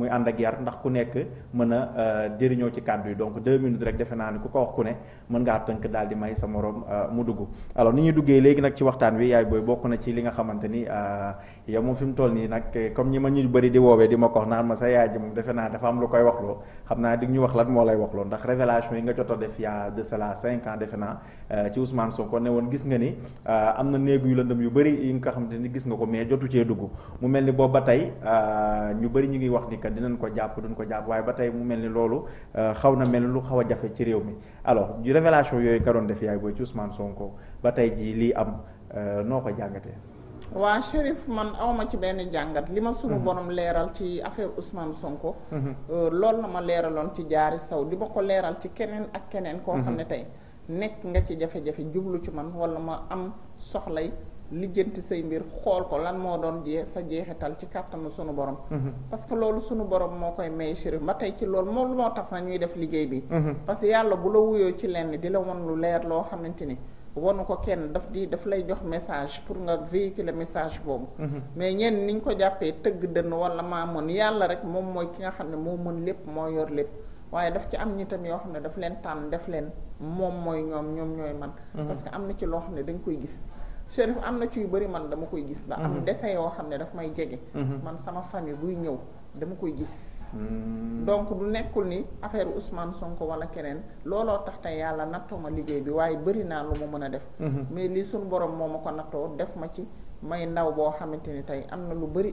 muy ànd ak yar ndax ku nekk mën a euh, jëriñoo ci kàddu yi donc deux minutes rek defe naa ni ku ko wax ku ne mën ngaa tënk daal di may sa morom euh, mu dugg alors ni ñuy duggee léegi nag ci waxtaan wi yaay booy bokk na ci li nga xamante ni euh, yow moom fi toll nii nag eh, comme ñi ma ñu bëri di woowee di ma ko wax naan ma sa yaay ji moom defe naa dafa am lu koy waxloo xam naa di ñu wax lan moo lay waxloo ndax révélation yi nga jot a def yaa de cela cinq ans defe na néegu yu lëndëm yu bëri yi nga xamante dinañ ko jàpp duñ ko jàpp waaye ba tey mu mel ni loolu euh, xaw na mel ni lu xaw a jafe ci réew mi alors révélation yooyu nga doon def yaay booy ci Ousmane Sonko ba tey jii lii am euh, noo ko jàngatee. waa Chérif man awma ci benn jàngat li ma sunu mhm. borom leeral ci affaire usman Sonko. Mhm. Euh, loolu la ma leeraloon ci jaari saw di ma ko leeral ci keneen ak keneen. koo mhm. xam ne tey nekk nga ci jafe-jafe jublu ci man walla ma am soxlay. lijjanti say mbir xool ko lan moo doon jee sa jeexital ci kàttanu sunu borom. Mhm. parce que loolu sunu borom moo koy may chérif ba tey ci lool moom moo tax sax ñuy def liggéey bi. Mhm. parce que yàlla bu la wuyoo ci lenn di la won lu leer loo xamante ni. wanu ko kenn daf di dafa lay jox message pour nga véhiculer message boobu. Mhm. mais ñenn ni ñu ko jàppee tëgg dënn wala maa mën yàlla rek moom mooy ki nga xam ne moo mën lépp moo yor lépp. waaye daf ci am ñitam yoo xam ne daf leen tànn def leen moom mooy ñoom ñoom ñooy man parce que am na ci loo xam ne dañ koy gis. Chérif am na ci yu bëri man dama koy gis. ba am mhm. dessin yoo xam ne dafa may jege. Mhm. man sama famille buy ñëw dama koy gis. Hmm. donc du nekkul ni affaire Ousmane sonk wala keneen looloo tax te yàlla nattoo ma liggéey bi waaye bëri naa lu ma mën a def. Mhm. mais lii suñu borom moo ma ko nattoo def ma ci. may ndaw boo xamante ni tey am na lu bëri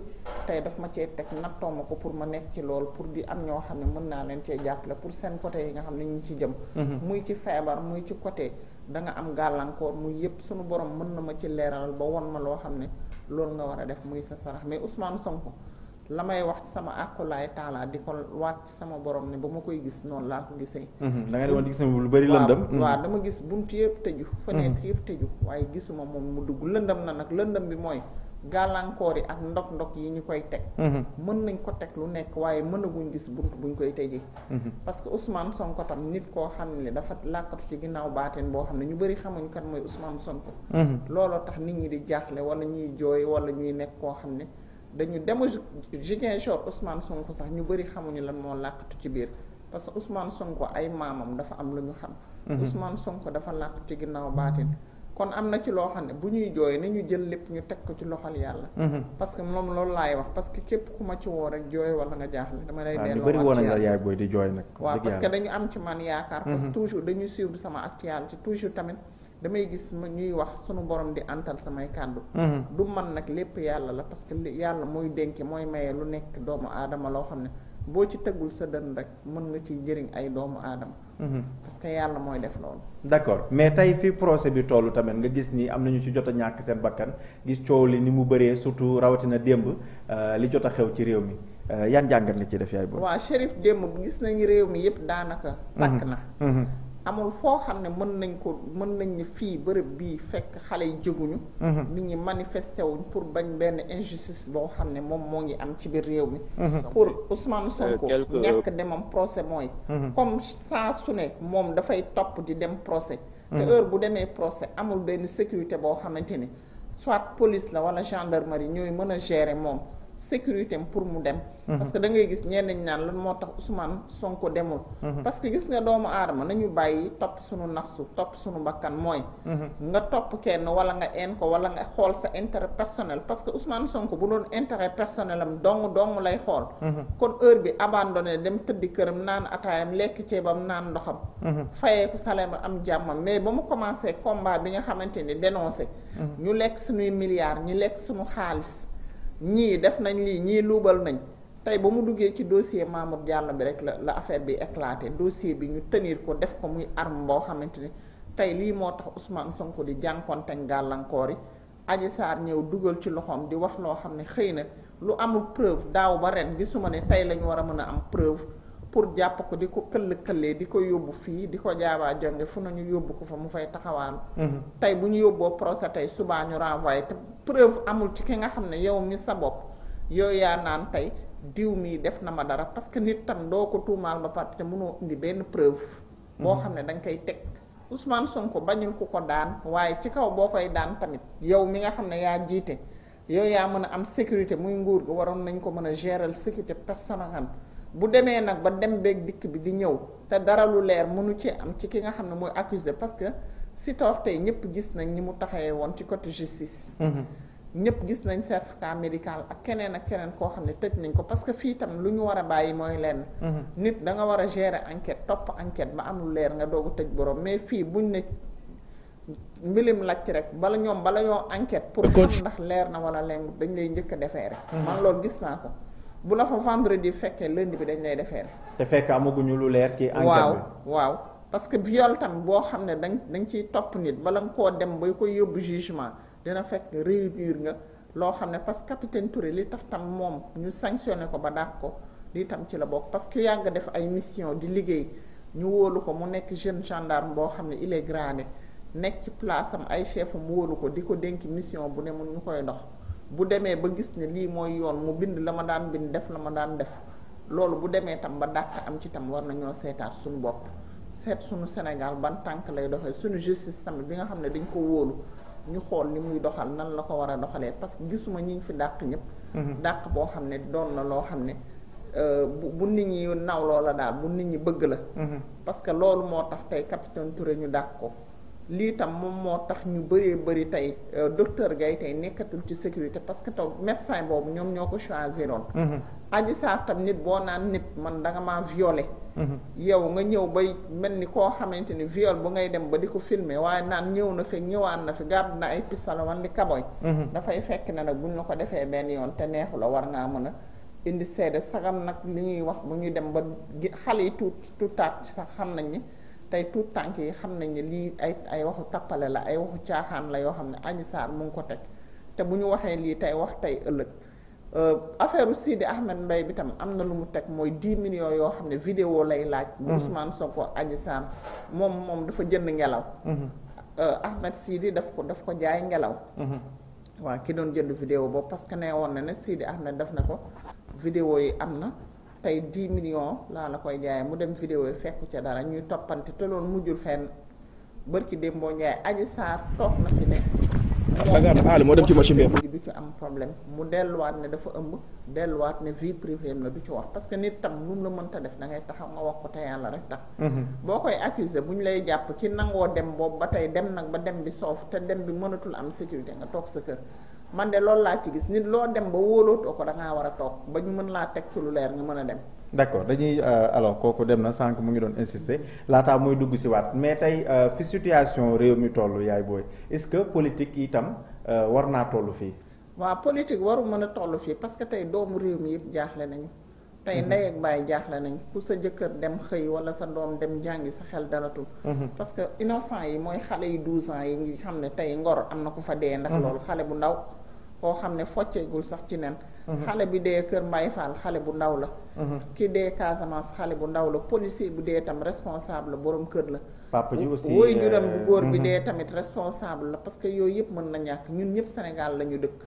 tey daf ma cee teg nattoo ma ko pour ma nekk ci lool pour di am ñoo xam ne mën naa leen cee jàppale pour seen côté yi nga xam ne ñu ci jëm mhm. muy ci feebar muy ci côté danga am gàllankoor muy yëpp sunu borom mën na ma ci leeralal ba won ma loo xam ne loolu nga war a def muy sa sarax mais Ousmane Sonko la may wax ci sama àqulaay taalaa di ko waat ci sama borom ne ba ma koy gis noonu laa ko gisee. Mhm, da nga ne woon di gis lu bëri lëndëm. Mhm. waaw dama gis bunt yëpp tëju. Mhm. fenêtre yëpp tëju waaye gisuma moom mu dugg lëndëm na nag lëndëm bi mooy. gàllankoor yi ak ndok ndok yi ñu koy teg mën nañ ko teg lu nekk waaye mën mënaguñ gis bunt buñ koy tëjee parce que Ousmane Sonko tam nit koo xam ne dafa làkkatu ci ginnaaw baateen boo xam ne ñu bëri xamuñ kan mooy Ousmane Sonko looloo tax nit ñi di jaaxle wala ñuy jooy wala ñuy nekk koo xam ne dañu dema Ziguinchor Ousmane Sonko sax ñu bëri xamuñu lan moo làkkatu ci biir parce que Ousmane Sonko ay maamam dafa am lu ñu xam mhm. Ousmane Sonko dafa làkkatu ci ginnaaw baatin kon am na ci loo xam ne bu ñuy jooy ñu jël lépp ñu teg ko ci loxol yàlla mhm. parce que moom loolu laay wax parce que képp ku ma ci woo rek jooy wala nga jaaxle dama lay delloo bëri woon nañ yaay booy di jooy nag waaw parce dañu am ci man yaakaar parce mhm. toujours dañuy suivre sama actualité toujours tamit damay gis ma ñuy wax sunu borom di antal samay kàddu mhm. du man nag lépp yàlla la parce que yàlla mooy dénke mooy maye lu nekk doomu aadama loo xam ne boo ci tegul sa dën rek mën nga ciy jëriñ ay doomu aadama mhm. parce que yàlla mooy def loolu d'accord mais tey fi procès bi tollu tamit nga gis ni am nañu ci jot a ñàkk seen bakkan gis coow li ni mu bëree surtout rawatina démb euh, li jot a xew ci réew mi euh, yan jàngat nga ci def yaay boobu waaw Chérif démb gis nañu réew mi yépp daanaka mhm. tàkk na amul foo xam ne mën nañ ko mën nañ ne fii bërëb bii fekk xale yi jóguñu mhm. nit ñi manifesté wuñ pour bañ benn injustice boo xam ne moom moo ngi am ci biir réew mi mhm. pour Ousmane Sonko euh, ñàkk demam procès mooy mhm. comme saa su ne moom dafay topp di dem procès te heure bu demee procès amul benn sécurité boo xamante ni soit police la wala gendarmerie ñooy mën a gérer moom sécurité pour mu dem. Mhm. parce que da ngay gis ñenn ñi naan lan moo tax Ousmane Sonko demul. Mhm. parce que gis nga doomu aadama nañu bàyyi topp suñu naxsu topp suñu bakkan mooy. Mhm. nga topp kenn wala nga een ko wala nga xool sa intérêt personnel parce que Ousmane Sonko bu doon intérêt personnel am don dong lay xool. kon heure bi abandonné dem tëddi këram naan ataayam lekk ceebam naan ndoxam. fayeeku salaire am jàmmam mais ba mu commencé combat bi nga xamante ni dénoncé. ñu lekk suñuy milliards ñu lekk suñu xaalis. ñii def nañ lii ñii luubal nañ tey ba mu duggee ci dossier Mamour Diallo bi rek la la affaire bi éclaté dossier bi ñu tenir ko def ko muy arme boo xamante ni tey lii moo tax Ousmane Sonko di jànkonteeg gàllankoor yi aji saar ñëw dugal ci loxoom di wax loo xam ne xëy na lu amul preuve daaw ba ren gisuma ne tey la ñu war a mën a am preuve. pour jàpp ko di ko këll këllee di ko yóbbu fii di ko jaabaa jonge fu nañu yóbbu ko fa mu fay taxawaan mhm. tey bu ñu yóbboo sa tey subaa ñu renvoyé te preuve amul ci ki nga xam ne yow mi sa bopp yow yaa naan tey diw mii def na ma dara parce que nit tam doo ko tuumaal ba pare te mënoo indi benn preuve mhm. boo xam ne dañ koy teg Ousmane Sonko bañul ku ko daan waaye ci kaw boo koy daan tamit yow mi nga xam ne yaa jiite yow yaa mën a am sécurité muy nguur gi waroon nañ ko mën a gérer sécurité personnelle bu demee nag ba dem bég dikk bi di ñëw te dara lu leer mënu ci am ci ki nga xam ne mooy accusé parce que si toog tey ñëpp gis nañ ni mu taxawee woon ci côté justice. Mhm. ñëpp gis nañ certificat médical ak keneen ak keneen koo xam ne tëj nañ ko parce que fii tam lu ñu war a bàyyi mooy lenn. Mhm. nit da nga war a gérer enquête topp enquête ba am lu leer nga doog a tëj borom mais fii buñ ne mbilim lacc rek bala ñoom bala ñoo enquête. pour ndax leer na wala lenn dañ lay njëkk a defee rek. Mhm. man loolu gis naa ko. bu la fa vendredi fekkee lundi bi dañ lay defeer te fekk amaguñu lu leer ci enquête bi waaw waaw parce que viol tam boo xam ne dañ dañ ciy topp nit bala nga koo dem bay ko yóbbu jugement dina fekk réunir nga loo xam ne parce que capitaine Touré li tax tam moom ñu sanctionné ko ba dàq ko lii tam ci la bokk parce que nga def ay mission di liggéey ñu wóolu ko mu nekk jeune gendarme boo xam ne il est gradé nekk ci am ay chef am wóolu ko di ko dénk mission bu ne ñu koy dox bu demee ba gis ne lii mooy yoon mu bind la ma daan bind def la ma daan def loolu bu demee tam ba dàq am ci tam war nañoo seetaat suñu bopp seet suñu Sénégal ban tànk lay doxee suñu justice tamit bi nga xam ne dañ ko wóolu ñu xool ni muy doxal nan la ko war a doxalee parce que gisuma ñi ñu fi dàq ñëpp. Mhm. dàq boo xam ne doon na loo xam ne euh, bu bu nit ñi nawloo la daal bu nit ñi bëgg la. Mhm. parce que loolu moo tax tey capitaine Touré ñu dàq ko. lii tam moom moo tax ñu bëree bëri tey euh, docteur Gaye tey nekkatul ci sécurité parce que taw médecin boobu ñoom ñoo ko choisiroon mm-hmm. Adji Sarr tam nit boo naan nit man da nga maa violé mm-hmm. yow nga ñëw ba mel ni koo xamante ni viol bu ngay dem ba di ko filmer waaye naan ñëw na fi ñëwaan na fi gàdd na ay pistalawan li kaboy mm-hmm. dafay fekk na nag buñ la ko defee benn yoon te neexu la war ngaa mën a indi seede sagam nag li ñuy wax bu ñuy dem ba xale yi tuut tuutaat sax xam nañ ni tey tuut tànk yi xam nañ ne lii ay ay waxu tappale la ay waxu caaxaan la yoo xam ne Adji Sarr mu ngi ko teg te bu ñu waxee lii tey wax tey ëllëg euh, affaire u Sidi Ahmed Mbaye bi tam am na lu mu teg mooy 10 millions yoo xam ne vidéo lay laaj mhm. Ousmane Sonko Adji Sarr moom moom dafa jënd ngelaw mhm. euh, Ahmed Sidi daf ko daf ko jaay ngelaw mhm. waaw ki doon jënd vidéo boobu parce que nee woon na ne Sidi Ahmed def na ko vidéo yi am na tey 10 millions laa la koy jaayee mu dem vidéo yi fekku ca dara ñuy toppante te loolu mujjul fenn bërki Dembo Ndiaye Adji Sarr toog na fi ne. moo dem ci machine bi du ci am problème mu delluwaat ne dafa ëmb delluwaat ne vie privée am ci wax parce que nit tam lu mu la mënta def da ngay taxaw nga wax ko te yàlla rek tax. Mhm. boo koy accuser bu ñu lay jàpp ki nangoo dem boobu ba tey dem nag ba dem bi soof te dem bi mënatul am sécurité nga toog sa kër. man de loolu laa ci gis nit loo dem ba wóolootoo ko da war a toog ba ñu mën laa teg ci lu leer nga mën a dem. d' accord dañuy euh, alors kooku dem na sànq mu ngi doon insister laataa mooy dugg si waat mais tey euh, fi situation réew mi toll yaay booy est ce que politique itam euh, war naa toll fii. waa politique waru mën a toll fii parce que tey doomu réew mi yëpp jaaxle nañu. tey mhm. ndey ak baay jaaxle nañ ku sa jëkkër dem xëy wala sa doom dem jàngi sa xel dalatul mhm. parce que innocent yi mooy xale yu douze ans yi ngi xam ne tey ngor am na ku fa dee ndax mhm. loolu xale bu ndaw koo xam ne focceegul sax ci nen mhm. xale bi dee Kër Mbay Fall xale bu ndaw la mhm. ki dee Casamance xale bu ndaw la policier bu dee tam responsable la borom kër la papa ji aussi woy juram bu euh, góor bi mhm. dee tamit responsable la parce que yooyu yëpp mën na ñàkk ñun ñëpp Sénégal la ñu dëkk